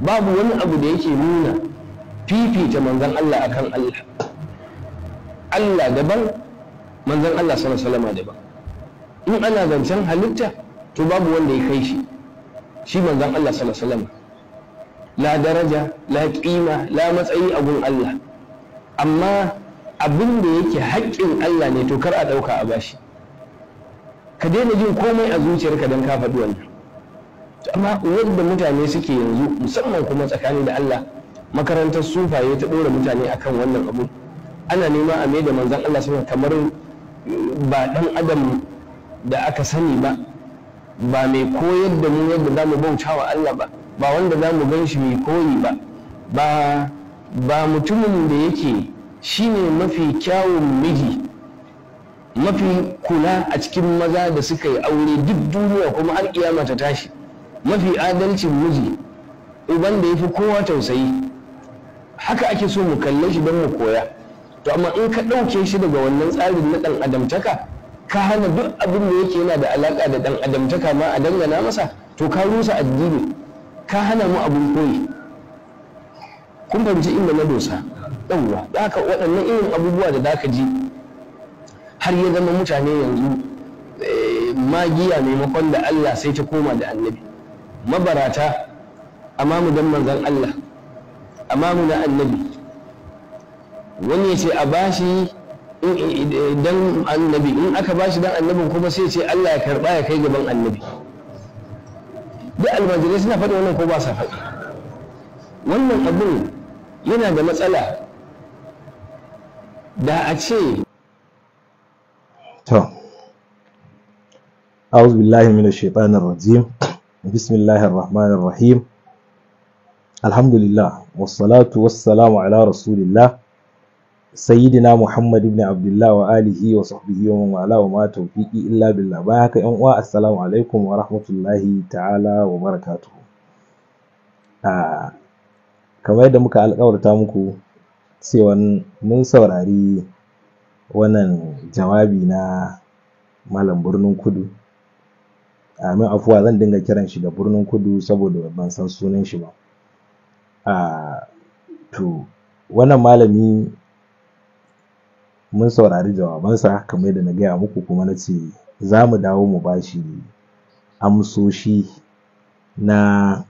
babu wani abu da yake nuna fifita manzan Allah akan Allah Allah daban manzan Allah sallallahu daban in ana zancen halitta to babu wanda ya kai shi shi manzan Allah sallallahu la daraja la kima la matsayi a gun Allah amma abin da yake haƙƙin Allah ne to kar a ɗauka a bashi ka daina jin komai a zuciyarka don ka faɗi wannan amma wanda mutane suke yanzu musamman kuma tsakani da Allah makarantar sufaye ta dora mutane akan wannan abu ana nema a mai da manzan Allah suna kamar eh, ba ɗan adam da aka sani ba ba mai koyar da mu yadda za mu bauta wa Allah ba ba wanda za mu gan shi mai koyi ba ba mutumin da yake shi ne mafi kyawun miji mafi kula a cikin maza da suka yi aure duk duniya kuma har kiyama ta tashi mafi adalcin miji idan da ya fi kowa tausayi haka ake so mu kalle shi don mu koya to amma in ka ɗauke shi daga wannan tsarin na ɗan adamtaka ka hana duk abin da yake yana da alaƙa da ɗan adamtaka ma a dangana masa to ka rusa addini ka hana mu abin koyi kun fahimci inda na dosa yawwa da haka waɗannan irin abubuwa da zaka ji har ya zama mutane yanzu eh, magiya maimakon da Allah sai ta koma da annabi mabarata mu dan manzan Allah mu na annabi wani ya ce a bashi dan annabi in aka bashi dan annabin kuma sai ce Allah ya karba ya kai gaban annabi duk almajirai suna faɗi wannan ko ba sa faɗi wannan abin yana da matsala da a ce to أعوذ بالله من الشيطان الرجيم bismillahir rahmanir rahim alhamdulillah wassalatu wassalamu ala rasulillah sayyidina muhammad ibn abdullah wa alihi wa sahbihi wa man wa ma illa billa bayan haka yan uwa assalamu alaikum wa rahmatullahi ta'ala wa barakatuh ah kamar yadda muka alkawarta muku cewa mun saurari wannan jawabi na malam birnin kudu Amin afuwa zan dinga kiran shi da birnin kudu saboda ban san sunan shi ba a ah, to wannan malami mun saurari jawabansa kamar yadda na gaya muku kuma na ce za mu dawo mu bashi. amsoshi na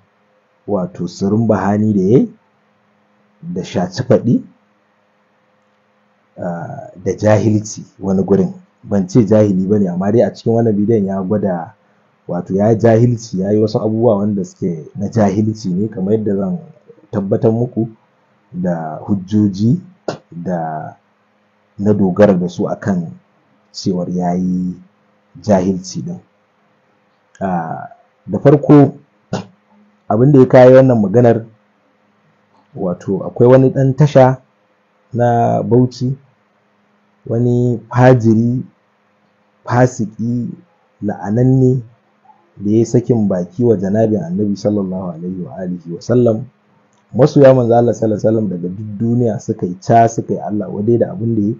wato sirin bahani da ya da shaci faɗi ah, da jahilci wani gurin ban ce jahili ba ne amma dai a cikin wannan bidiyon ya gwada wato ya jahilci ya yi wasu abubuwa wanda suke na jahilci ne kamar yadda zan tabbatar muku da hujjoji da na dogara da su akan cewar ya yi jahilci ɗin da farko abin da ya kayi wannan maganar wato akwai wani ɗan tasha na bauchi wani fajiri fasiki la'ananne da ya sakin baki wa janabin annabi sallallahu alaihi wa alihi wa sallam masoya manzo Allah sallallahu alaihi daga duk duniya suka yi ca suka yi Allah wadai da abin da ya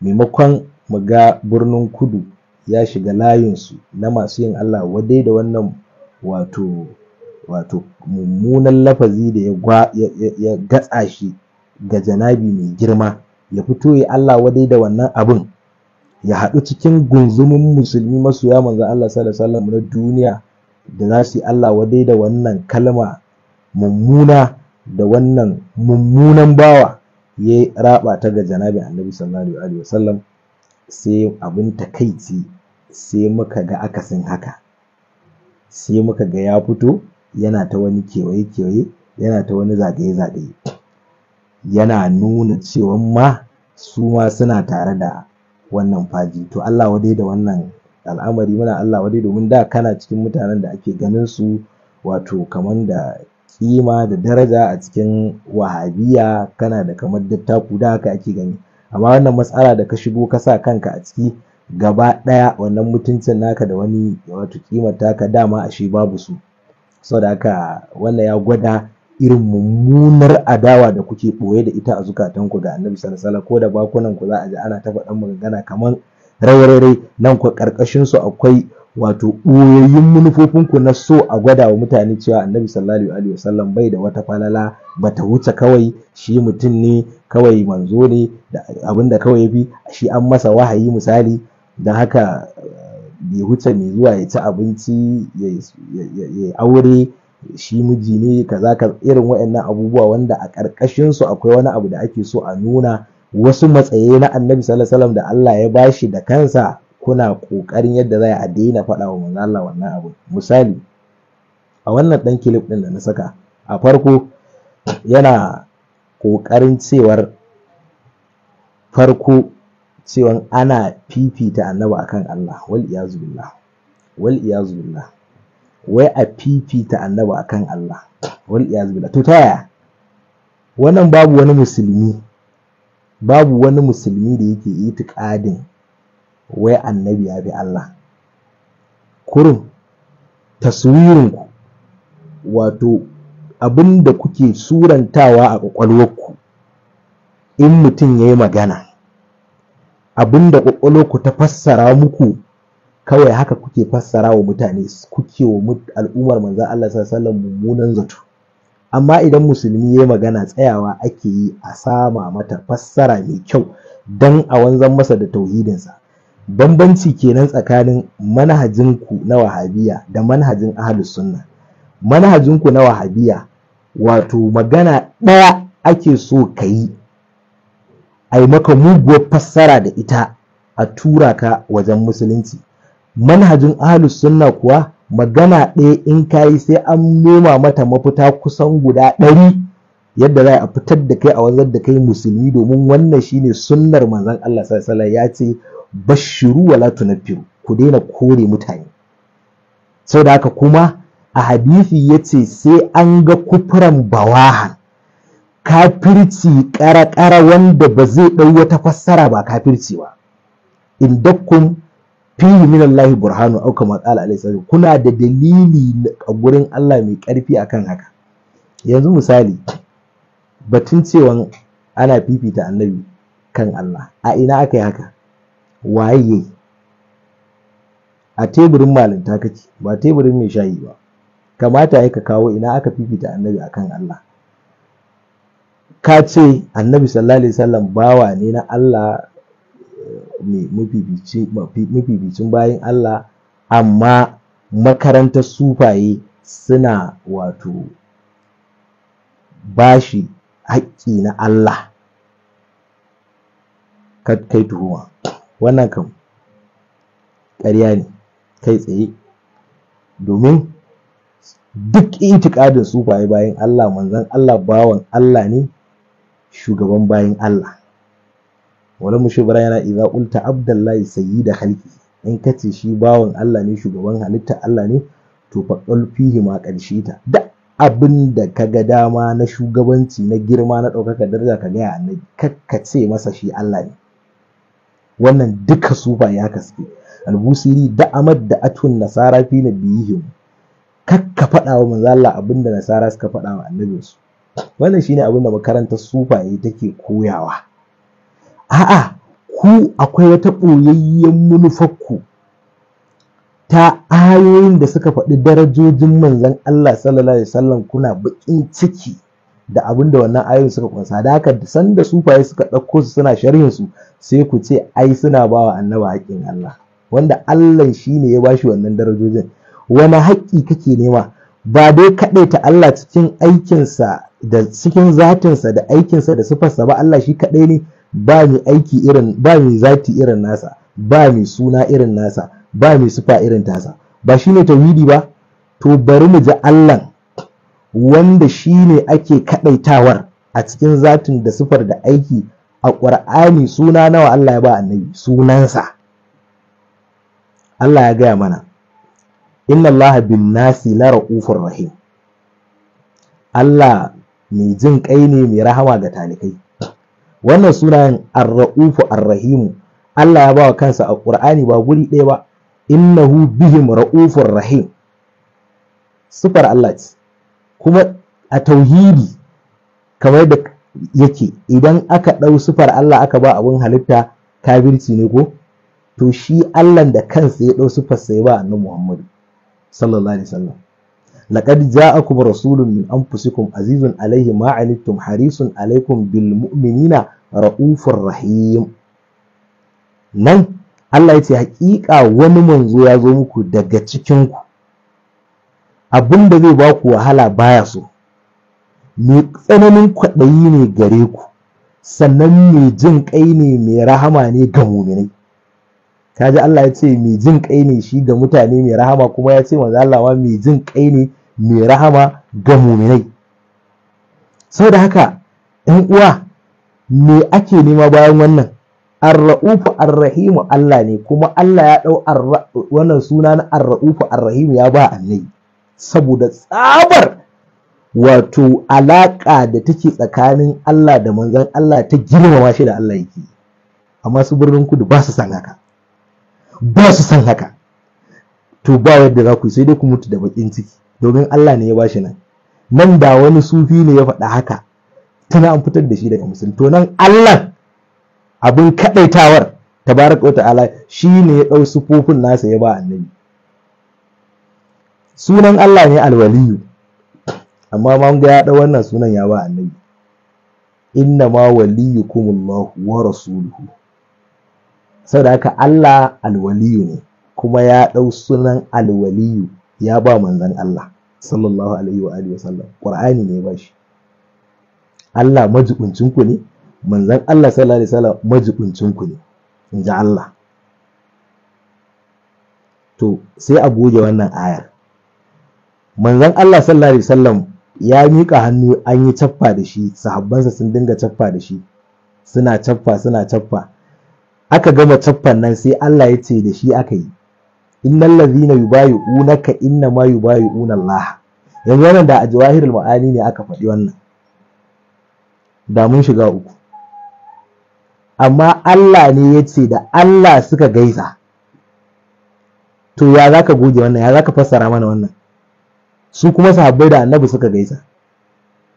maimakon mu ga birnin kudu ya shiga layinsu na masu yin Allah wadai da wannan wato wato mummunan lafazi da ya gatsa shi ga janabi mai girma ya fito ya Allah wadai da wannan abin ya haɗu cikin gunzumin musulmi masoya manzan Allah sallallahu alaihi wasallam na duniya da za su yi Allah wadai da wannan kalma mummuna da wannan mummunan bawa ya raba ta ga janabi annabi sallallahu alaihi wasallam sai abin takaici sai muka ga akasin haka sai muka ga ya fito yana ta wani kewaye-kewaye yana ta wani zagaye-zagaye yana nuna cewa ma su ma suna tare da wannan faji to Allah wadai da wannan al'amari muna Allah wadai domin da kana cikin mutanen da ake ganin su wato kaman da kima da daraja a cikin wahabiya kana da kamar dattaku da haka ake gani amma wannan matsala da ka shigo ka sa kanka a ciki gaba ɗaya wannan mutuncin naka da wani wato kimar taka dama ashe babu su saboda haka wannan ya gwada irin mummunar adawa da kuke ɓoye da ita a zukatanku Da annabi sallallahu ko da ku za a ji ana ta faɗan magana kamar rairarai nan ku ƙarƙashin su akwai wato ɓoyayyun ku na so a gwada wa mutane cewa annabi sallallahu alaihi wasallam bai da wata falala bata wuce kawai shi mutum ne kawai manzo ne da abinda kawai ya bi shi an masa wahayi misali don haka eh, bai huce mai zuwa ya ci abinci ya aure shi miji ne kaza ka irin waɗannan abubuwa wanda a ƙarƙashin su akwai wani abu da ake so a nuna wasu matsaye na annabi sallallahu alaihi da Allah ya bashi da kansa kuna ƙoƙarin yadda za a daina faɗa wa manzo Allah wannan abu misali a wannan ɗan kilif ɗin da na saka a farko yana ƙoƙarin cewar farko cewan ana fifita annabi akan Allah wal iyazu billah wal iyazu billah wai a fifita annaba akan Allah wal iyaz billah to ta yaya wannan babu wani musulmi babu wani musulmi da yake itiqadin wai annabi ya bi Allah kurin ku wato abin da kuke surantawa a ƙwaƙwalwarku in mutum ya yi magana Abinda da ku ta fassara muku kawai haka kuke fassara wa mutane kuke wa al'ummar manzan Allah sallallahu mummunan zato amma idan musulmi ya magana tsayawa ake yi a sama mata fassara mai kyau dan a wanzan masa da tauhidinsa bambanci kenan tsakanin manhajin ku na wahabiya da manhajin ahlus sunna manhajin ku na wahabiya wato magana ɗaya ake so ka yi a yi maka muguwar fassara da ita a tura ka wajen musulunci manhajin ahlus sunna kuwa magana ɗaya in kayi sai an noma mata mafita kusan guda ɗari yadda za a fitar da kai a wanzar da kai musulmi domin wannan shine sunnar manzon Allah sallallahu ya ce bashiru na firu, ku daina kore mutane Sau da haka kuma a hadisi ce sai an ga kufuran bawahan kafirci ƙara-ƙara wanda ba zai ɗau wata fassara ba kafirci ba in fihi min Allah burhanu au kama qala alaihi kuna da dalili a gurin Allah mai karfi akan haka yanzu misali batun cewa ana fifita annabi kan Allah a ina aka yi haka waye a teburin malinta kace ba teburin mai shayi ba kamata ya ka kawo ina aka fifita annabi akan Allah ka ce annabi sallallahu alaihi wasallam bawa ne na Allah mabibicin bayan Allah amma makarantar sufaye suna wato bashi haƙƙi na Allah kai tuhuma wannan kan ƙarya ne kai tsaye domin duk itikadin sufaye bayan Allah manzon Allah bawan Allah ne shugaban bayan Allah wani mushubra yana iza ulta abdullahi sayi da halki in kace shi bawan Allah ne shugaban halitta Allah ne to fa fihi ma ƙarshe ta duk abin da ka ga dama na shugabanci na girma na ɗaukaka daraja ka gaya annabi ce masa shi Allah ne wannan duka sufa ya kaske albusiri da amad da atun nasara fi na bihim kakka faɗa wa manzo Allah abin da nasara suka faɗa wa annabinsu wannan shine abin da makarantar sufaye take koyawa a'a ku akwai wata ɓoyayyen manufarku ta ayoyin da suka faɗi darajojin manzan Allah sallallahu alaihi wasallam kuna baƙin ciki da abin da wannan ayoyin suka kunsa da haka da sanda sufaye suka ɗauko su suna sharhin su sai ku ce ai suna ba wa annaba haƙƙin Allah wanda Allah shine ya bashi wannan darajojin wani haƙƙi kake nema ba dai ta Allah cikin aikinsa da cikin zatinsa da aikinsa da sifarsa ba Allah shi kaɗai ne ba mai aiki irin ba mai zati irin nasa ba mai suna irin nasa ba mai sufa irin tasa ba shi shine tauhidi ba to bari mu ji Allah wanda ne ake kadaitawar a cikin zatin da sufar da aiki a ƙur'ani suna nawa Allah ya ba annabi sunansa Allah ya gaya mana inna Allah bin nasi la rahim Allah mai jin ƙai ne mai rahama ga talikai wannan sunayen ar-ra'ufu ar-rahimu Allah ya bawa kansa a Qur'ani ba guri ɗaya ba innahu bihim ra'ufur rahim sifar Allah ce kuma a tauhidi kamar da yake idan aka ɗau sifar Allah aka ba abin halitta kabirci ne ko to shi Allah da kansa ya ɗau sifar sai ba annabi Muhammadu sallallahu alaihi wasallam laqad ja'akum rasulun min anfusikum azizun alayhi ma anittum harisun alaykum bilmuminina mu'minina ra'ufur rahim nan Allah ya ce hakika wani manzo ya zo muku daga cikin ku abinda zai baku wahala baya so mai tsananin kwaɗayi ne gare ku sannan mai jin ƙai ne mai rahama ne ga muminai kaji Allah ya ce mai jin kai ne shi ga mutane mai rahama kuma ya ce manzo Allah ma mai jin kai ne mai rahama ga muminai saboda haka ɗan uwa me ake nema bayan wannan ar-ra'ufu ar-rahimu Allah ne kuma Allah ya dau wannan suna na ar-ra'ufu ar-rahimu ya ba annabi saboda tsabar wato alaƙa da take tsakanin Allah da manzon Allah ta girmama shi da Allah yake amma su birnin kudu ba su san haka ba su san haka to ba yadda za ku sai dai ku mutu da bakin ciki domin Allah ne ya bashi nan nan da wani sufi ne ya faɗa haka tana an fitar da shi daga musulmi to nan Allah abin kadaitawar tabaraka ta'ala shi ne ya ɗau sufofin nasa ya ba annabi sunan Allah ne alwaliyu amma ma ga ya ɗau wannan sunan ya ba annabi inna ma waliyukumullahu wa rasuluhu saboda haka Allah alwaliyu ne kuma ya ɗau sunan alwaliyu ya ba manzon Allah sallallahu alaihi wa alihi wasallam qur'ani ne ba shi Allah majibincin ku ne manzon Allah sallallahu alaihi wasallam majibincin ku ne in ji Allah to sai a goge wannan ayar manzon Allah sallallahu alaihi wasallam ya miƙa hannu an yi caffa da shi sahabbansa sun dinga caffa da shi suna caffa suna caffa aka gama caffan nan sai Allah ya ce da shi aka yi innal ladhina yubayi'unaka inna ma yubayi'una Allah yanzu wannan da a jawahirul ma'ani ne aka faɗi wannan da mun shiga uku amma Allah ne ya ce da Allah suka gaisa to ya zaka goge wannan ya zaka fassara mana wannan su kuma sahabbai da annabi suka gaisa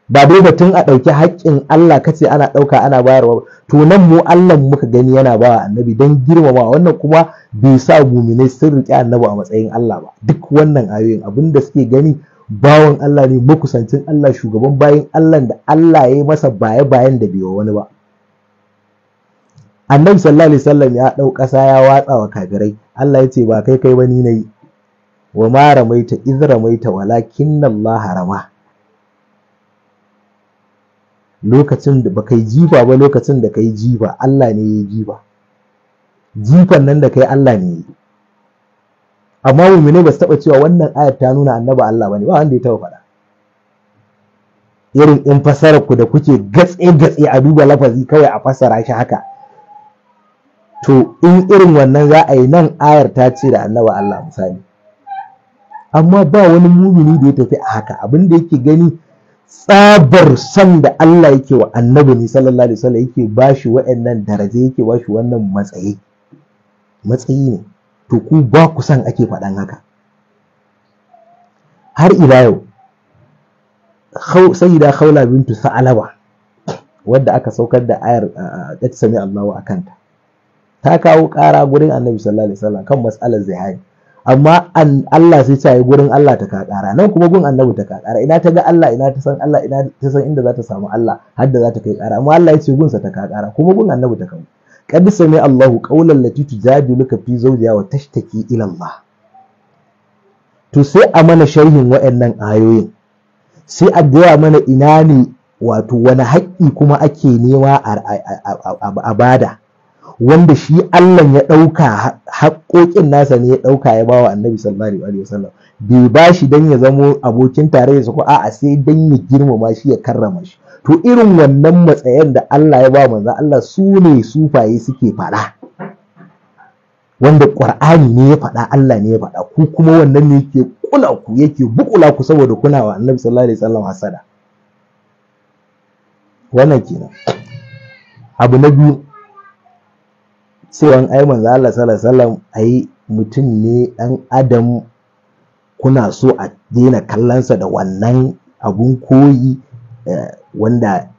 ba dai batun a ɗauki haƙƙin Allah kace ana ɗauka ana bayarwa to nan mu Allah muka gani yana bawa annabi dan girmama wannan kuma bai sa muminai sun riƙe annabi a matsayin Allah ba duk wannan ayoyin abin da suke gani bawan Allah ne makusancin Allah shugaban bayin Allah da Allah ya yi masa baya bayan da bai wani ba annabi sallallahu alaihi wasallam ya ɗau kasa ya watsa wa kafirai Allah ya ce ba kai kai ba ni nayi wa ma ramaita iz ramaita walakinna Allah rama lokacin da baka yi jifa ba lokacin da ka jifa Allah ne ya jifa jifan nan da kai Allah ne ya yi amma muminai ba su taɓa cewa wannan ayar ta nuna annaba Allah ba ne ba wanda ya taɓa faɗa irin in fasarar ku da kuke gatse-gatse a duba lafazi kawai a fasara shi haka to in irin wannan za a yi nan ayar ta ce da annaba Allah misali amma ba wani mumini da ya tafi a haka abin da yake gani tsabar san da Allah yake wa annabi ne sallallahu alaihi wasallam yake bashi wa'annan daraja yake bashi wannan matsayi matsayi ne to ku ba ku san ake faɗan haka har ila yau sayyida khawla bintu sa'alaba wadda aka saukar da ayar ta ah, ah, sami Allahu akanta ta kawo ƙara gurin annabi sallallahu alaihi wasallam kan matsalar zihari amma an Allah sai sa ya gurin Allah ta kakara nan kuma gun annabi ta kakara ina ta ga Allah ina ta san Allah ina ta san inda za ta samu Allah har da za ta kai kara amma Allah ya ce sa ta kakara kuma gun annabi ta kawo sai sami Allahu qawlan lati tujadiluka fi zawjiha wa tashtaki ila Allah to sai a mana sharhin waɗannan ayoyin sai a gaya mana ina ne wato wani haƙƙi kuma ake nema a bada wanda shi Allah ya ɗauka haƙoƙin nasa ne ya ɗauka ya bawa annabi sallallahu alaihi wasallam bai ba shi don ya zamo abokin tarayya su ko a'a sai don ya girmama shi ya karrama shi to irin wannan matsayin da Allah ya ba manzo Allah su ne sufaye suke faɗa wanda ƙur'ani ne ya faɗa Allah ne ya faɗa ku kuma wannan ne yake kula ku yake bukula ku saboda kuna wa annabi sallallahu alaihi wasallam hasada wannan kenan abu na biyu cewa ai manzo Allah sallallahu alaihi wasallam ai mutum ne dan adam kuna so a daina kallonsa da wannan abun koyi eh, wanda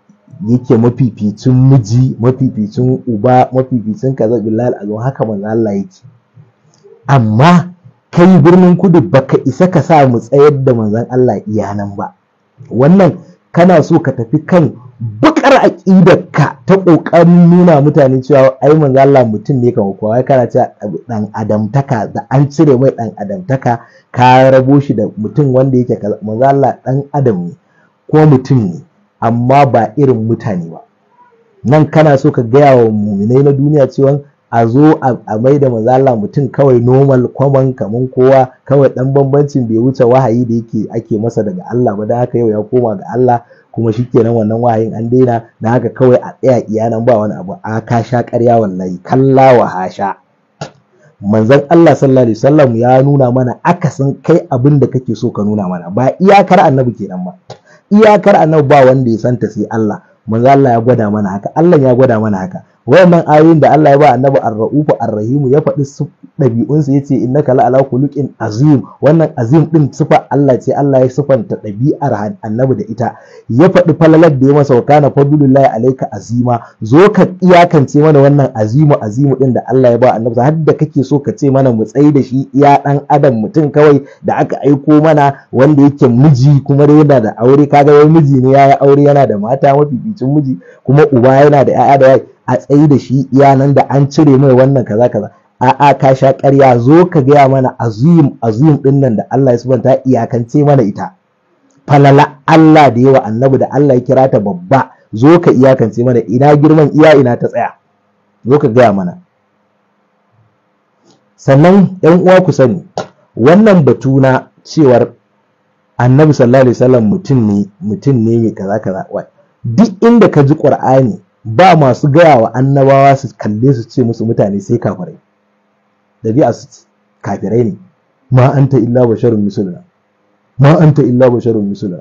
yake mafificin miji mafificin uba mafificin kaza billahi azu haka manzo Allah yake amma kai birnin kudu baka isa ka sa mu tsayar da manzon Allah iyanan ba wannan kana so ka tafi kan bakar ka ta ƙoƙarin nuna mutane cewa ai manzo mutum ne kamar kowa kana cewa dan adamtaka da an cire mai dan adamtaka ka rabo shi da mutum wanda yake manzo Allah dan adam ne ko mutum ne amma ba irin mutane ba nan kana so ka gaya wa muminai na duniya cewa a zo a mai da manzo Allah mutum kawai normal kwaman kaman kowa kawai ɗan bambancin bai wuce wahayi da yake ake masa daga Allah ba dan haka yau ya koma ga Allah kuma shi shikenan wannan wahayin an daina na haka kawai a tsaya iyanan ba wani abu a ka sha ƙarya wallahi kalla wa hasha manzon Allah sallallahu alaihi wasallam ya nuna mana akasin kai abin da kake so ka nuna mana ba iyakar annabi kenan ba iyakar annabi ba wanda ya santa sai Allah manzon Allah ya gwada mana haka Allah ya gwada mana haka Wannan ayoyin da Allah ya ba annabi ar-ra'ufu ar-rahim ya faɗi su ɗabi'un su yace innaka la'ala kulukin khuluqin azim wannan azim din sifa Allah ce Allah ya sifanta ɗabi'ar annabi da ita ya faɗi falalar da ya masa wa kana fadlullahi alayka azima zo ka iyakance mana wannan azimu azimu din da Allah ya ba annabi har da kake so ka ce mana mu tsayi da shi iya dan adam mutum kawai da aka aiko mana wanda yake miji kuma yana da aure kaga wai miji ne ya aure yana da mata mafificin miji kuma uba yana da 'ya'ya da yayi a tsayi da shi iya nan da an cire mai wannan kaza kaza a'a ka sha ƙarya zo ka gaya mana azim azim din nan da Allah ya subanta iyakance mana ita falala Allah da yawa annabi da Allah ya kira ta babba zo ka iyakance mana ina girman iya ina ta tsaya zo ka gaya mana sannan yan uwa ku sani wannan batu na cewar annabi sallallahu alaihi wasallam mutum ne mutum ne mai kaza kaza duk inda ka ji qur'ani ba masu gaya wa annabawa su kalle su ce musu mutane sai kafirai dabi'a su kafirai ne ma anta illa basharun misluna ma anta illa basharun misluna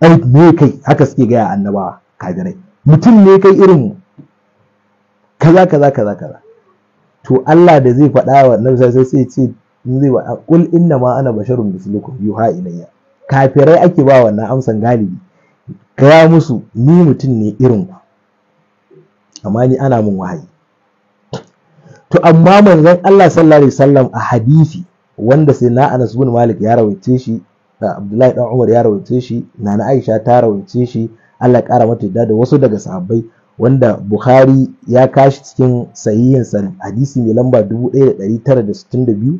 ai me kai haka suke gaya annabawa kafirai mutum ne kai irin mu kaza kaza kaza kaza to Allah da zai faɗa wa annabi sai sai ce in zai wa kul inna ma ana basharun mislukum yuha ilayya kafirai ake ba wannan amsan galibi gaya musu ni mutum ne irin ku amma ni ana min wahayi to amma manzon Allah sallallahu alaihi wasallam a hadisi wanda sai na Anas bin Malik ya rawaice shi da Abdullahi dan Umar ya rawaice shi Nana Aisha ta rawaice shi Allah ƙara mata yadda da wasu daga sahabbai wanda Bukhari ya kashi cikin sahihin sa hadisi mai lamba 1962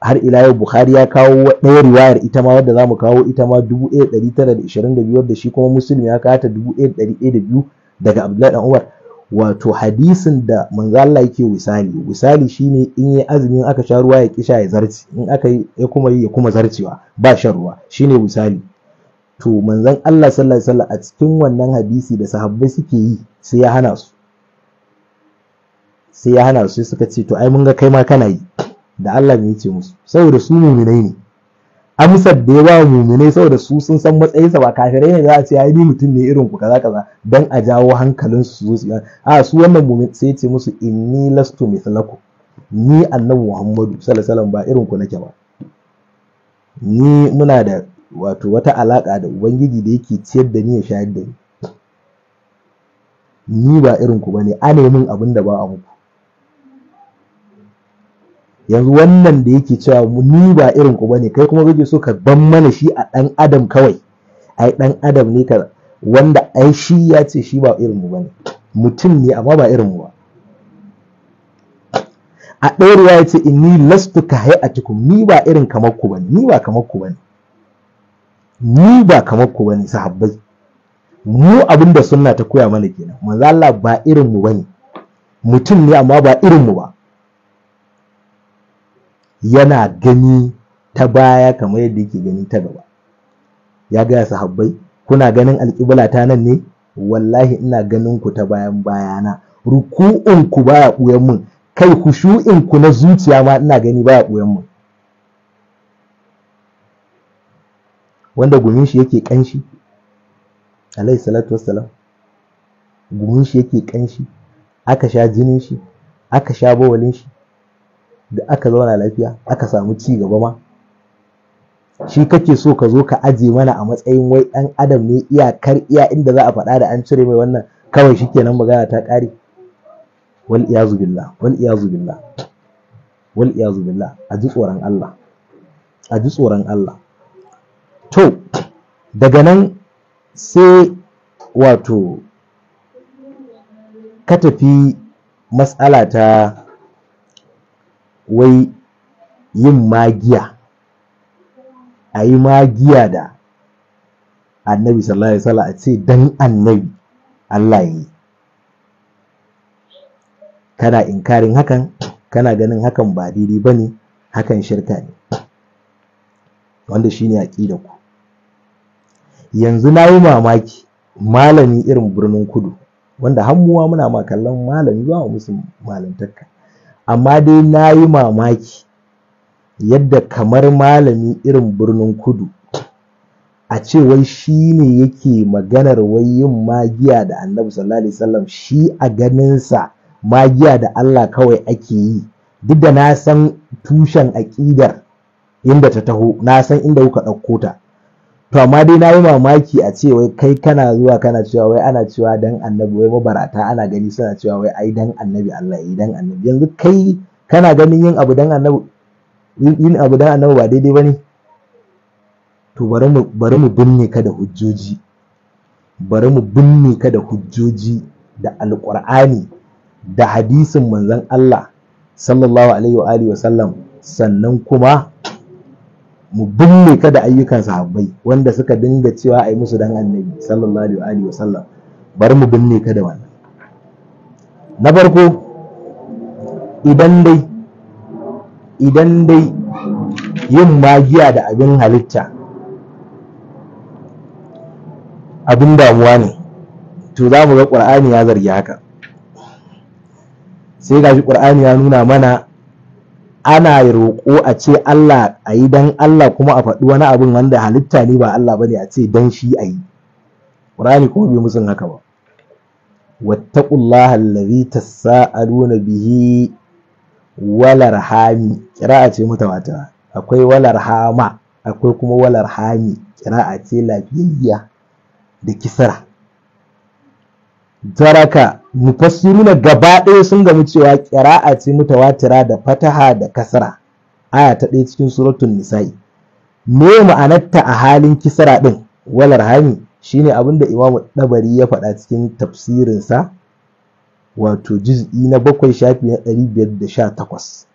har ila yau Bukhari ya kawo ɗaya riwayar ita ma wadda zamu kawo ita ma 1922 wadda shi kuma Muslim ya kawo ta 1102 daga abdullahi dan umar wato hadisin da manzo Allah yake misali misali shine in yi azumin aka sha ruwa ya kisha ya zarci in aka ya kuma yi ya kuma zarcewa ba shan ruwa shine wisali to manzon Allah sallallahu alaihi wasallam a cikin wannan hadisi da sahabbai suke yi sai ya hana su sai ya hana su suka ce to ai mun ga kai ma kana yi da Allah ya ce musu saboda su mu'minai ne amsar da ya ba muminai saboda su sun san matsayinsa ba kafirai ne za a ce ai ni mutum ne irin ku kaza kaza dan a jawo hankalin su su a su wannan mumin sai ya ce musu inni lastu mithlakum ni annabi Muhammadu sallallahu ba irin ku nake ba ni muna da wato wata alaka da ubangiji da yake ciyar da ni ya shayar da ni ni ba irin ku bane a min abin da ba a muku yanzu wannan da yake cewa ni ba irin ku bane kai kuma kake so ka ban mana shi a dan adam kawai ai dan adam ne ka wanda ai shi ya ce shi ba irin mu bane mutum ne amma ba irin mu ba a ɗaya ruwa ya ce inni lastu ka hai a cikin ni ba irin kamar ku bane ni ba kamar ku bane ni ba kamar ku bane sahabbai mu abinda sunna ta koya mana kenan manzo Allah ba irin mu bane mutum ne amma ba irin mu ba yana gani ta baya kamar yadda yake gani ta gaba ya gaya sahabbai kuna ganin alƙibla ta nan ne wallahi ina ganin ku ta bayan bayana ruku'un ku baya ɓuyan mun kai kushu'in ku na zuciya ma ina gani baya ɓuyan mun wanda gumin shi yake kanshi alayhi salatu wassalam gumin shi yake ƙanshi, aka sha jinin shi aka sha bawalin shi da aka zauna lafiya aka samu ci gaba ma shi kake so ka zo ka aje mana a matsayin wai ɗan adam ne iyakar iya inda za a faɗa da an cire mai wannan kawai shi kenan magana ta ƙare wal iyazu billah wal iyazu billah wal iyazu billah a ji tsoron Allah a ji tsoron Allah to daga nan sai wato ka tafi matsala ta wai yin magiya a yi magiya da annabi sallallahu alaihi wasallam a ce dan annabi Allah yi kana inkarin hakan kana ganin hakan ba daidai ba ne hakan shirka ne wanda shi ne ku yanzu na yi mamaki malami irin birnin kudu wanda hammuwa muna ma kallon malami ba musu malantarka amma dai na yi mamaki yadda kamar malami irin birnin kudu a ce wai shi ne yake maganar wai yin magiya da annabi sallallahu alaihi wasallam shi a ganinsa magiya da Allah kawai ake yi duk da na san tushen aƙidar inda ta taho na san inda kuka ɗauko ta to amma dai na yi mamaki a ce wai kai kana zuwa kana cewa wai ana cewa dan annabi wai mabarata ana gani suna cewa wai ai dan annabi Allah yi dan annabi yanzu kai kana ganin yin abu dan annabi yin abu dan annabi ba daidai bane to bari mu bari mu binne ka da hujjoji bari mu binne ka da hujjoji da alqur'ani da hadisin manzon Allah sallallahu alaihi wa alihi wa sallam sannan kuma mu binne ka da ayyukan sahabbai wanda suka dinga cewa ai musu dan annabi sallallahu alaihi wa sallam bari mu binne ka da wannan na farko idan dai idan dai yin magiya da abin halitta abin damuwa ne to za mu ga ƙur'ani ya zargi haka sai gashi ƙur'ani ya nuna mana ana roƙo a ce Allah a yi don Allah kuma a faɗi wani abin wanda halitta ne ba Allah ba ne a ce don shi a yi ƙurani kuma bai musun haka ba wattaqullaha allazi tasaaluna bihi walar hami kira'a ce wata. akwai walar hama akwai kuma walar hami kira'a ce lafiyayya da kisara. jaraka mufassiruna gaba ɗaya sun gamu cewa ƙira'a ce mutawatira da fataha da kasra aya ta ɗaya cikin suratun nisa'i me ma'anarta a halin kisara ɗin walar hami shine abin da imamu ɗabari ya faɗa cikin tafsirinsa wato juz'i na bakwai shafi na ɗari biyar da sha takwas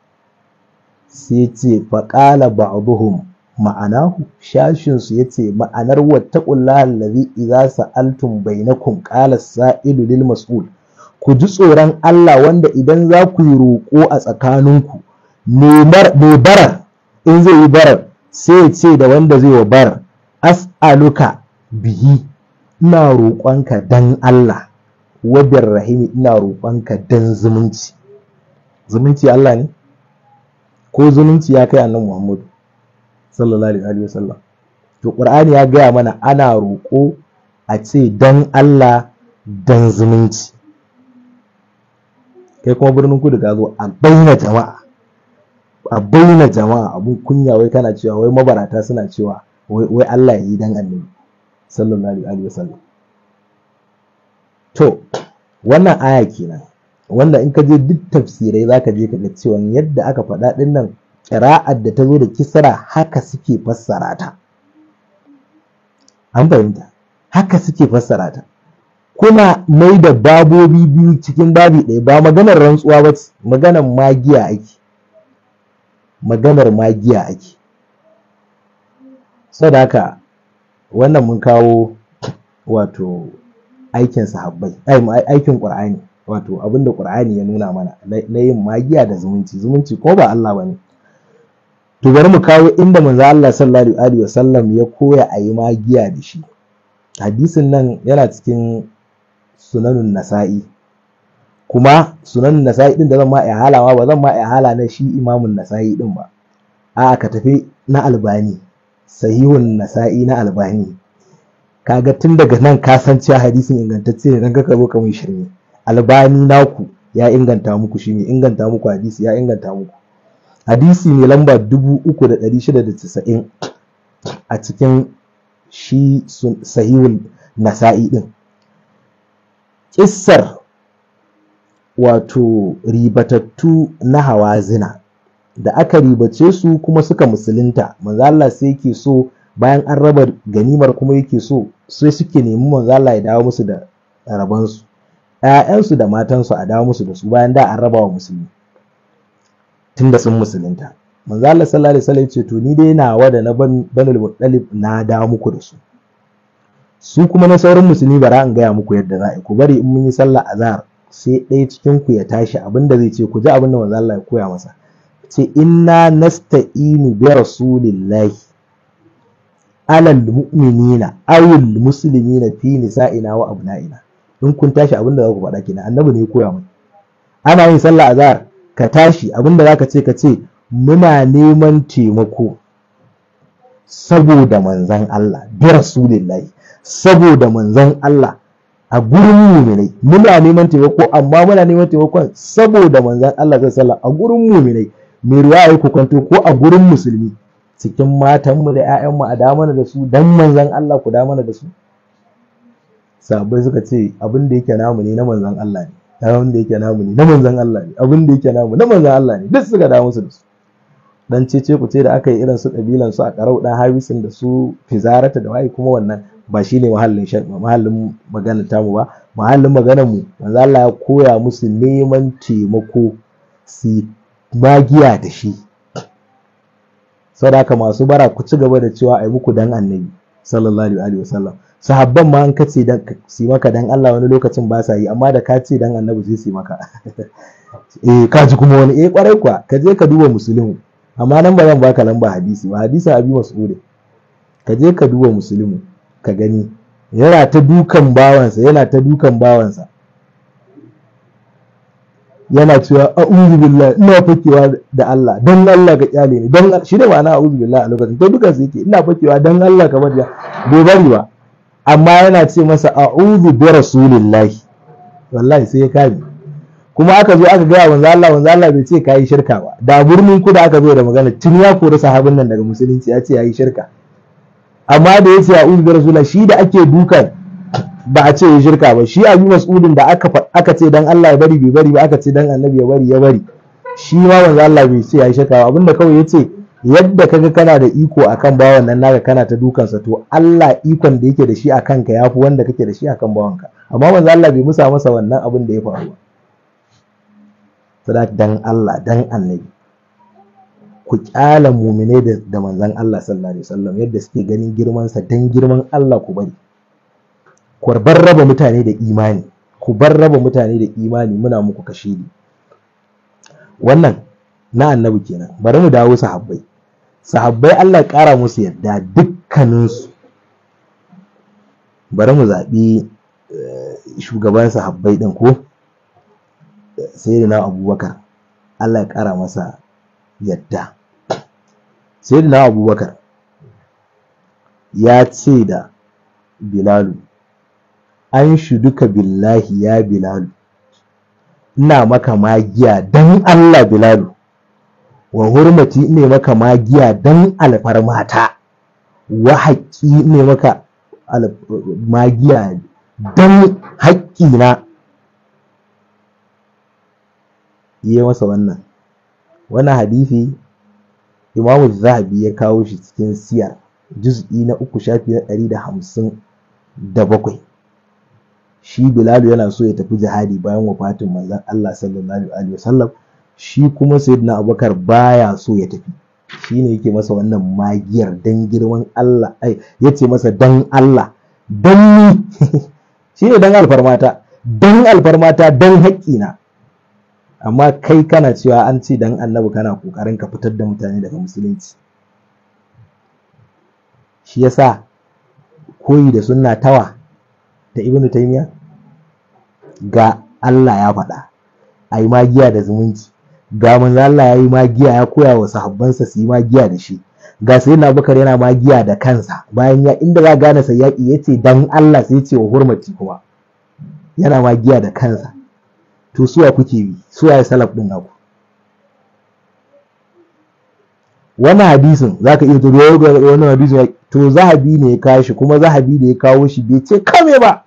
sai ce faƙala ba'duhum ma'anahu shashinsu ya ce ma'anar wattaƙullahan lazi iza sa'altum bainakum ƙala sa'ilu lil mas'ul ku ji tsoron Allah wanda idan za ku yi roƙo a tsakaninku mai barar in zai yi barar sai ya ce da wanda zai wa barar as'aluka bihi ina roƙonka dan Allah wabiyar rahimi ina roƙonka dan zumunci zumunci Allah ne ko zumunci ya kai annabi Muhammadu sallallahu alaihi wa sallam to Qur'ani ya gaya mana ana roƙo a ce dan Allah dan zumunci kai kuma birnin kudu ka zo a bayyana jama'a a bayyana jama'a abun kunya wai kana cewa wai mabarata suna cewa wai Allah ya yi dan annabi sallallahu alaihi wasallam to wannan aya kenan wanda in ka je duk tafsirai zaka je ka ga cewa yadda aka faɗa din nan qira'ar da ta zo da kisra haka suke fassara ta an fahimta haka suke fassara ta kuna mai da babobi biyu cikin babi ɗaya ba maganar rantsuwa ba maganar magiya ake maganar magiya ake saboda wannan mun kawo wato aikin sahabbai aikin ƙur'ani wato abinda ƙur'ani ya nuna mana na yin magiya da zumunci zumunci ko ba Allah bane to bari mu kawo inda manzo Allah sallallahu alaihi wasallam ya koya a yi magiya da shi hadisin nan yana cikin sunanun nasa'i kuma sunanun nasa'i din da zan ma halawa, ba zan ma ihala na shi imamun nasa'i din ba a'a ka tafi na albani sahihun nasa'i na albani kaga tun daga nan ka san cewa hadisin ingantacce ne dan ka zo ka mun shirme albani naku ya inganta muku shi ne inganta muku hadisi ya inganta muku hadisi ne lamba 3690 a cikin shi sahihun nasa'i din ƙissar wato ribatattu na hawazina da aka ribace su kuma suka musulunta manzo Allah sai yake so bayan an raba ganimar kuma yake so sai suke nemi manzo Allah ya dawo musu da rabansu ‘ya'yansu da matansu a dawo musu da su bayan da an raba wa musulmi tun sun musulunta manzo Allah sallallahu alaihi wasallam ce to ni dai nawa da na banul muttalib na dawo muku da su su kuma na sauran musulmi ba za in gaya muku yadda za a ku bari in mun yi sallah azhar sai ɗaya cikin ku ya tashi abinda zai ce ku ji abin da manzo Allah ya koya masa ce inna nasta'inu bi rasulillahi alal mu'minina awil muslimina fi nisa'ina wa abna'ina in kun tashi abin da za ku faɗa kenan annabi ne ya koya mai ana yin sallah azhar ka tashi abinda za ka ce ka ce muna neman taimako saboda manzon Allah bi rasulillahi saboda manzon Allah a gurin muminai muna neman taimako amma muna neman taimakon saboda manzon Allah sallah a gurin muminai mai ruwa ya kwanto ko a gurin musulmi cikin matanmu da 'ya'yanmu a damana da su dan manzon Allah ku damana da su sabai suka ce abin da yake namu ne na manzon Allah ne abin da yake namu ne na manzon Allah ne abin da yake namu na manzon Allah ne duk suka damu su da su dan cece ku ce da aka yi irin su kabilan su a karau dan Hawisin da su fizarata da waye kuma wannan ba ne mahallin magana ta mu ba mahallin maganar mu manzo Allah ya koya musu neman taimako su magiya da shi saboda haka masu bara ku ci gaba da cewa ai muku dan annabi sallallahu alaihi wasallam sahabban ma an kace dan si maka dan Allah wani lokacin ba sa yi amma da ka ce dan annabi sai si maka eh ka ji kuma wani eh kwarai kwa ka je ka duba musulmi amma nan ba zan baka lamba hadisi ba hadisi abi mas'ud ka je ka duba musulmi ka gani yana ta dukan bawansa yana ta dukan bawansa yana cewa a'udhu billahi ina fakewa da Allah dan Allah ga kyale ne dan shi da ma'ana a'udhu billahi a lokacin to dukan su yake ina fakewa dan Allah kamar da bai bari ba amma yana ce masa a'udhu bi rasulillahi wallahi sai ya kame kuma aka zo aka gaya wanzu Allah wanzu Allah bai ce yi shirka ba da ku da aka zo da magana tun ya kori sahabin nan daga musulunci ya ce yayi shirka amma da ya ce a'udhu bi rasula shi da ake dukan ba a ce ya shirka ba shi abu mas'udin da aka ce dan Allah ya bari bai bari ba aka ce dan annabi ya bari ya bari shi ma wanzu Allah bai ce ya shirka ba abinda kawai ya ce yadda kaga kana da iko akan bawan nan naga kana ta dukansa to Allah ikon da yake da shi a kanka ya fi wanda kake da shi akan bawanka amma wanzu Allah bai musa masa wannan abin da ya faru ba dan Allah dan annabi ku kyala muminai da, da manzon Allah sallallahu alaihi wasallam yadda suke ganin girmansa sa dan girman Allah ku bari ku bar raba mutane da imani ku bar raba mutane da imani muna muku kashedi wannan na annabi kenan bari mu dawo sahabbai sahabbai Allah ya kara musu yadda dukkaninsu bari mu zaɓi eh, shugaban sahabbai din ko sai da nawa abubakar allah ya ƙara masa yadda sayyidina abubakar ya ce da bilalu an shi duka billahi ya bilalu ina maka magiya don Allah bilalu wa hurmati ne maka magiya don alfarmata wa haƙƙi ne maka magiya dan haƙƙina yi masa wannan wannan hadisi imamu zahabi ya kawo shi cikin siyar juz'i na uku shafi na ɗari da hamsin da bakwai shi bilalu yana so ya tafi jihadi bayan wafatin manzon allah sallallahu alaihi wasallam shi kuma sayyidina abubakar baya so ya tafi shi ne yake masa wannan magiyar dan girman allah ai ya ce masa dan allah dan ni shi ne dan alfarmata dan alfarmata dan haƙƙina amma kai kana cewa an ce dan annabi kana kokarin ka fitar da mutane daga musulunci shi yasa koyi da sunna tawa da ibnu taymiya ga Allah ya faɗa a yi magiya da zumunci ga manzo Allah ya yi magiya ya koya wa sahabbansa su yi magiya da shi ga sai na bakar yana magiya da kansa bayan ya inda za gane sai yaƙi ya ce dan Allah sai ce wa hurmati kuma yana magiya da kansa to suwa kuke bi suwa ya salaf din naku wannan hadisin ka iya to wani hadisin to zahabi ne ya kawo shi kuma zahabi da ya kawo shi bai ce kame ba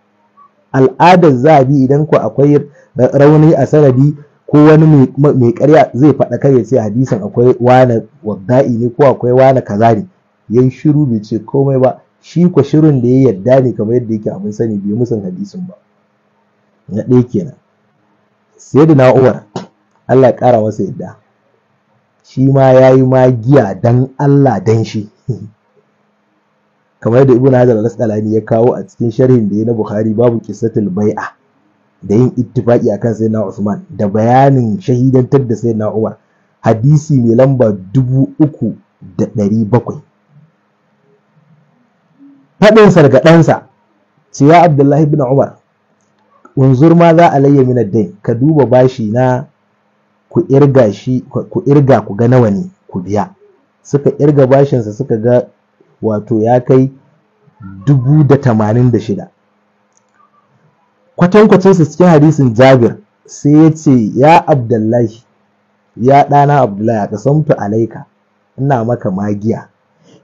al'adar zahabi idan ku akwai rauni a sanadi ko wani mai karya zai faɗa kai ya ce hadisin akwai wani wadda'i ne ko akwai wani kaza ne yayi shiru bai ce komai ba shi kwa shirin da ya yarda ne kamar yadda yake abin sani bai musan hadisin ba na ɗaya kenan da Umar Allah ya kara masa yadda shi ma yayi magiya dan Allah dan shi kamar da Ibn Hajar al-Asqalani ya kawo a cikin sharhin da ya na Bukhari babu kisatul bai'a da yin ittifaki akan sayyidina Usman da bayanin shahidantar da sayyidina Umar hadisi mai lamba dubu uku da ɗari bakwai faɗin sargaɗansa ce ya abdullahi bin umar unzur ma za alayya min ad ka duba bashi na ku irga shi ku irga ku ga nawa ne ku biya suka irga sa suka ga wato ya kai dubu da tamanin da shida kwatankwacinsa cikin hadisin jabir sai ya ce ya abdullahi ya ɗana abdullahi a samtu alaika ina maka magiya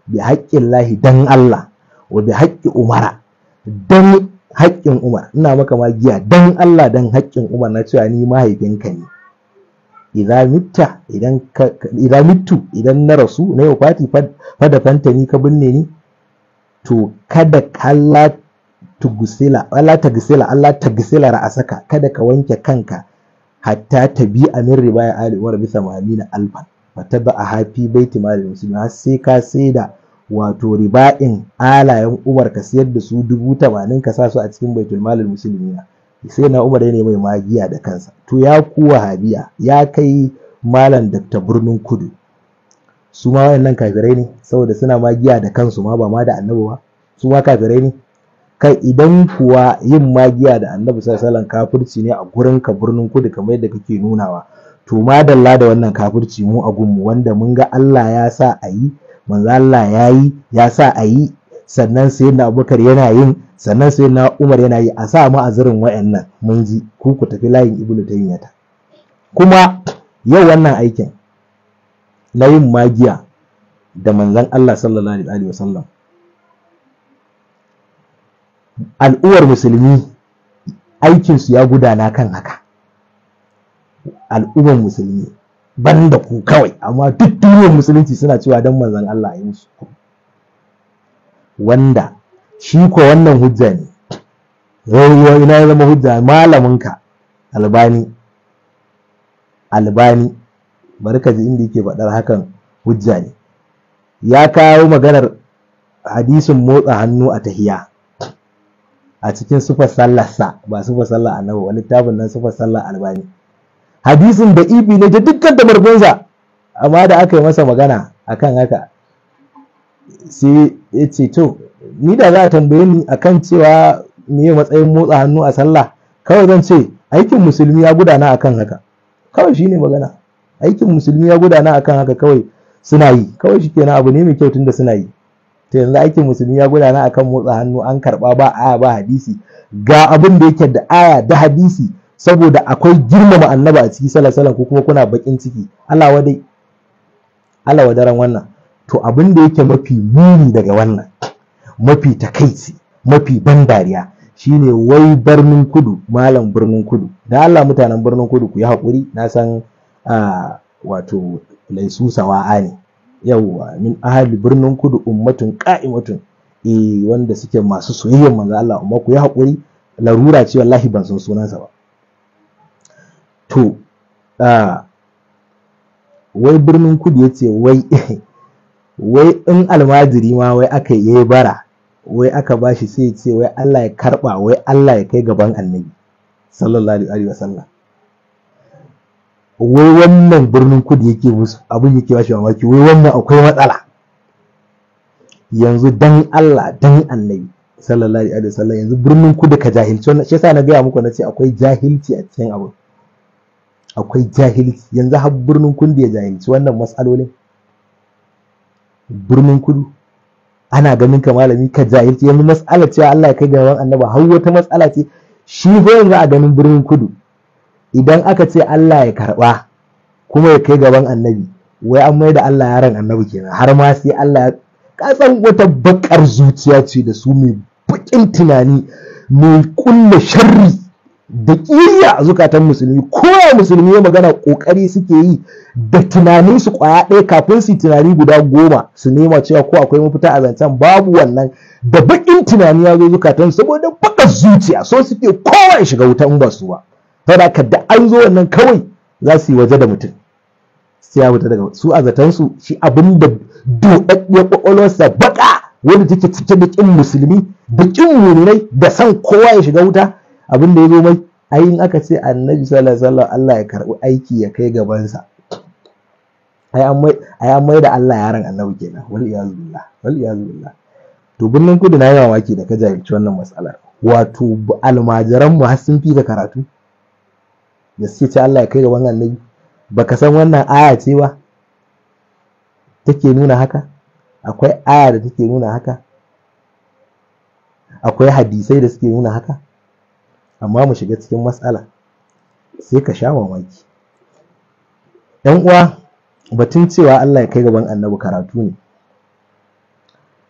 bi haƙƙin lahi dan Allah wa bi haƙƙi umara dan haƙƙin umar ina maka magiya dan Allah dan haƙƙin umar na cewa ni mahaifinka ne idan mitta mittu idan na rasu na yau fati fada fanta ni ka binne ni to kada Allah tugusila Allah tagusila Allah ra'asaka kada ka wanke kanka hatta ta bi amin riba ya ali umar samani na alfa fataba a hafi baiti malil muslimin har sai ka sai wato riba'in alayen umar ka siyar da su dubu tamanin ka sa su a cikin baitul malul musulmiya sai na umar ya nemi magiya da kansa to ya kuwa habiya ya kai malam dakta birnin kudu su ma wayannan kafirai ne saboda suna magiya da kansu ma ba ma da annabi ba su ma kafirai ne kai idan kuwa yin magiya da annabi sallallahu kafirci ne a gurin ka birnin kudu kamar yadda kake nunawa to madalla da wannan kafirci mu a gunmu wanda mun ga Allah ya sa a yi manzo Allah ya yi ya sa a yi sannan sai na abubakar yana yin sannan sai na umar yana yi a sa mu a zirin wa'annan mun ji ku ku tafi layin ibnu taymiyata kuma yau wannan aikin na yin magiya da manzon Allah sallallahu alaihi wasallam al'uwar musulmi aikinsu ya gudana kan haka al'ummar musulmi ban da ku kawai amma duk duniyar musulunci suna cewa dan manzon Allah ya su. wanda shi ko wannan hujja ne rayuwa ina zama hujja malaminka albani albani bari ka ji inda yake faɗar hakan hujja ne ya kawo maganar hadisin motsa hannu a tahiya a cikin sufar sallarsa ba sufa sallar annabi wani tabin nan sufa sallar albani hadisin da ibi ne da dukkan tabarfinsa amma da aka yi masa magana akan haka sai ya ce to ni da za a tambaye ni akan cewa me matsayin motsa hannu a sallah kawai zan ce aikin musulmi ya gudana akan haka kawai shi ne magana aikin musulmi ya gudana akan haka kawai suna yi kawai shi kenan abu ne mai kyau tunda suna yi to yanzu aikin musulmi ya gudana akan motsa hannu an karba ba aya ba hadisi ga abin da yake da aya da hadisi saboda akwai girmama annaba a ciki sallallahu ko kuma kuna bakin ciki Allah wadai Allah wadaran wannan to abin da yake mafi muni daga wannan mafi takaici mafi ban dariya shine wai birnin kudu malam birnin kudu da Allah mutanen birnin kudu ku yi haƙuri na san wato laisu sawa'a ne yawwa min ahali birnin kudu ummatun ka'imatun eh wanda suke masu soyayyar manzo Allah amma ku yi haƙuri larura ce wallahi ban san sunansa ba to a wai birnin kudu ya ce wai wai in almajiri ma wai aka yi bara wai aka ba shi sai ce wai Allah ya karba wai Allah ya kai gaban annabi sallallahu alaihi wasallam wai wannan birnin kudu yake musu abin yake ba shi mamaki wai wannan akwai matsala yanzu dan Allah dan annabi sallallahu alaihi wasallam yanzu birnin kudu ka jahilci wannan shi yasa na gaya muku na ce akwai jahilci a cikin abin akwai jahilci yanzu har birnin kudu ya jahilci wannan matsalolin birnin kudu ana ganin ka malami ka jahilci yanzu matsala cewa Allah ya kai gaban annaba har wata matsala ce shi fa yanzu a ganin birnin kudu idan aka ce Allah ya karba kuma ya kai gaban annabi wai an mai da Allah yaron annabi kenan har ma sai Allah ya kasan wata bakar zuciya ce da su mai bakin tunani mai kulle sharri da ƙiriya a zukatan musulmi kowa musulmi ya magana ƙoƙari suke yi da tunanin su ƙwaya ɗaya kafin su tunani guda goma su nema cewa ko akwai mafita a zancen babu wannan da baƙin tunani ya zo zukatan saboda baƙar zuciya so suke kowa ya shiga wutan ba su ba saboda ka da an zo wannan kawai za su yi waje da mutum sai ya wuta daga su a zaton su shi abin da doɗaɗɗiyar ƙwaƙwalwarsa baƙa wanda take cike da ƙin musulmi da ƙin muminai da san kowa ya shiga wuta abin da ya zo mai ai in aka ce annabi sallallahu alaihi wasallam Allah ya karbi aiki ya kai gabansa ai an mai da Allah yaron annabi kenan wal iyaz billah wal iyaz billah to birnin kudu na yi mamaki da ka jahilci wannan matsalar wato almajiran mu har sun fi da karatu da suke ce Allah ya kai gaban annabi baka san wannan aya ce ba take nuna haka akwai aya da take nuna haka akwai hadisai da suke nuna haka amma mu shiga cikin matsala sai ka sha mamaki ‘yan uwa batun cewa Allah ya kai gaban annabi karatu ne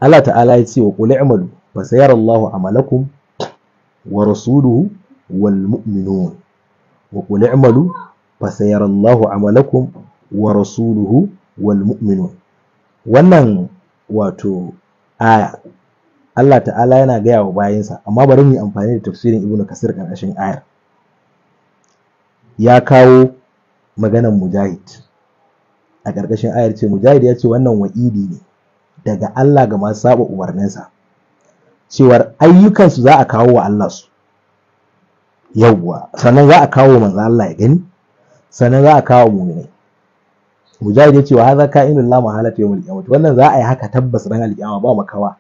Allah ta'ala ya ce wa qul i'malu fa sayarallahu amalakum wa rasuluhu wal mu'minun wa qul i'malu fa sayarallahu amalakum wa rasuluhu wal mu'minun wannan wato aya Allah ta'ala yana gaya wa bayansa amma bari mu yi amfani da tafsirin ibnu kasir karkashin ayar ya kawo maganan mujahid a karkashin ayar ce mujahid ya ce wannan wa'idi ne daga Allah ga masu saba umarninsa cewar ayyukansu za a kawo wa Allah su yawwa sannan za a kawo manzo Allah ya gani sannan za a kawo ne? mujahid ya ce wa hadha ka'inul la mahalata yawmul qiyamah wannan za a yi haka tabbas ran alƙiyama ba makawa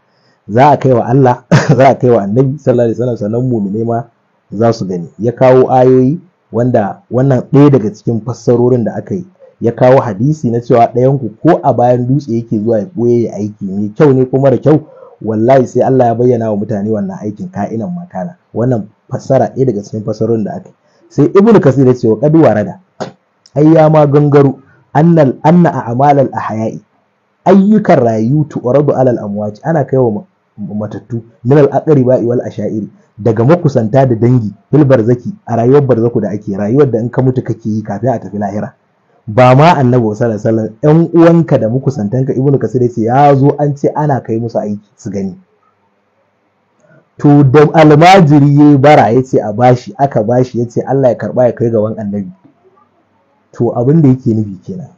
za a kai wa Allah za a kai wa annabi sallallahu alaihi wasallam sannan mu'mine ma za su gani ya kawo ayoyi wanda wannan ɗaya daga cikin fassarorin da aka yi ya kawo hadisi na cewa ɗayanku ko a bayan dutse yake zuwa ya ɓoye ya aiki mai kyau ne ko mara kyau wallahi sai Allah ya bayyana wa mutane wannan aikin ka'inan makana wannan fassara ɗaya daga cikin fassarorin da aka yi sai ibnu kasir ya ce wa qad warada ai ya ma gangaro annal anna a'malal ahya'i ayyukan rayu tu'radu alal amwaj ana kaiwa matattu min iwal a wal ashairi daga makusanta da dangi fil barzaki a rayuwar barzaku da ake rayuwar da in ka mutu kake yi kafin a tafi lahira ba ma annabi sallallahu alaihi wasallam uwanka da makusantanka ibnu kasir yace ya zo an ce ana kai musu aiki su gani to da almajiri ya bara ya ce a bashi aka bashi ya ce Allah ya karba ya kai gaban annabi to abin da yake nufi kenan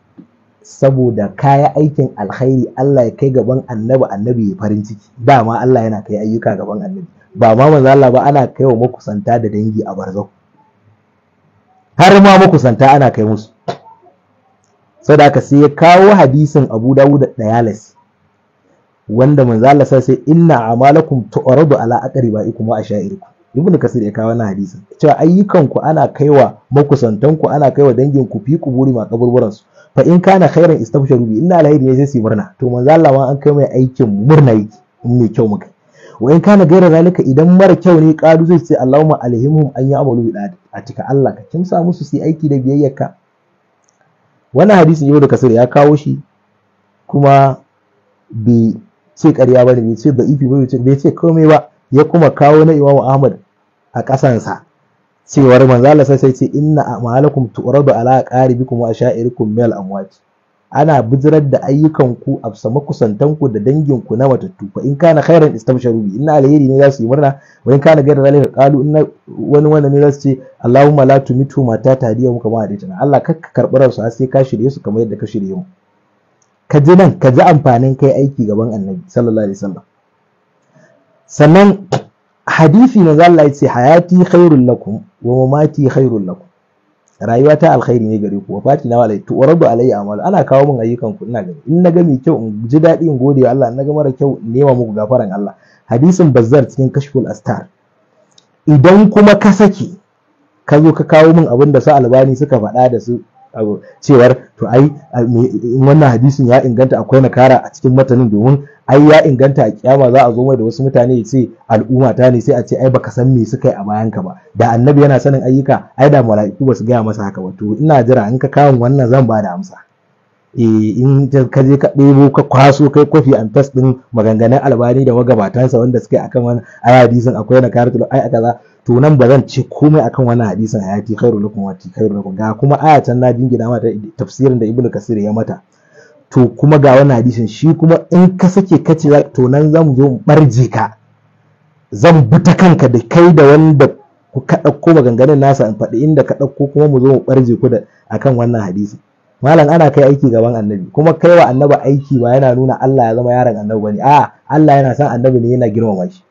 saboda kaya aikin alkhairi Allah ya kai gaban annabi annabi ya farin ciki ma Allah yana kai ayyuka gaban annabi ba ma manzo Allah ba ana kai wa makusanta da dangi a barzau har ma makusanta ana kai musu saboda ka sai ya kawo hadisin Abu Dawud da Dayalis, wanda manzo Allah sai sai inna amalakum tu'radu ala aqribaikum wa ashairikum ibn kasir ya kawo wannan hadisin cewa ayyukan ku ana kaiwa makusantan ku ana kaiwa dangin ku fi kuburi ma kaburburan su fa in kana khairan istabshiru bi inna alhayri ne sai su murna to manzo Allah ma an kai mai aikin murna yake in mai kyau muka wa in kana gaira zalika idan mara kyau ne kadu zai ce Allahumma alhimhum an ya'malu bi a cika Allah ka kimsa musu su aiki da biyayyarka wannan hadisin yau da kasar ya kawo shi kuma bi ce ƙarya bane bai ce da ifi bai ce komai ba ya kuma kawo na Imam Ahmad a ƙasansa cewar manzala sai sai ce inna a'malakum tu'radu ala qaribikum wa sha'irikum mil amwat ana bijirar da ayyukan ku a sama ku da dangin ku na matattu fa in kana khairan istabsharu bi inna alayhi ne za su yi murna wa in kana gaira zalika qalu inna wani wanda ne za su ce allahumma la tumitu mata tadiya muka ma hadaita Allah kar ka karbi su sai ka shirye su kamar yadda ka shirye mu ka ji nan ka ji amfanin kai aiki gaban annabi sallallahu alaihi wasallam sannan hadisi manzo Allah ya ce hayati khairul lakum wa mamati khairul lakum rayuwa ta alkhairi ne gare ku wafati na walai to waradu alayya amalu ana kawo min ayyukan ku ina gani in naga mai kyau in ji daɗi in gode wa Allah in ga mara kyau in nema muku gafaran Allah hadisin bazzar cikin kashful astar idan kuma ka saki ka zo ka kawo min abin da su albani suka faɗa da su cewar to ai wannan hadisin ya inganta akwai nakara a cikin matanin domin ai ya inganta a kiyama za a zo mai da wasu mutane ya ce al'umma ta ne sai a ce ai baka san me suka yi a bayan ka ba da annabi yana sanin ayyuka ai da mala'iku ba su gaya masa haka ba to ina jira in ka kawo wannan zan ba da amsa eh in ka je ka ɗebo ka kwaso kai kwafi an tas din maganganun albani da magabatansa wanda suke akan wani a hadisin akwai na karatu ai aka za to nan ba zan ce komai akan wannan hadisin ayati khairu lakum wa khairu lakum ga kuma ayatan na dingina mata tafsirin da ibnu kasir ya mata to kuma ga wani hadisin shi kuma in ka sake kace to nan zan zo mu barje ka zan bi ta kanka da kai da wanda ku ka dauko maganganun nasa in faɗi inda ka ɗauko kuma mu zo mu barje ku da akan wannan hadisi malam ana kai aiki gaban annabi kuma kai wa annabi aiki ba yana nuna Allah ya zama yaron annabi bane a'a Allah yana son annabi ne yana girmama shi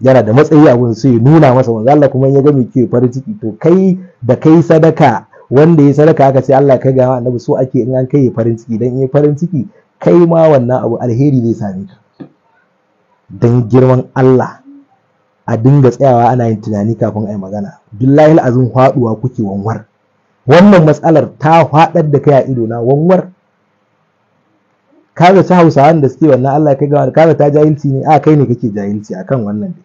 yana da matsayi a gun sai nuna masa manzo Allah kuma ya ga mai ke farin ciki to kai da kai sadaka wanda ya sadaka aka ce Allah ka ga annabi so ake in an kai farin ciki dan yi farin ciki kai ma wannan abu alheri zai same ka dan girman Allah a dinga tsayawa ana yin tunani kafin a yi magana billahi azun faduwa kuke wanwar wannan matsalar ta fadar da kai a ido na wanwar kaga ta da suke wannan Allah kai ga kaga ta jahilci ne a kai ne kake jahilci akan wannan dai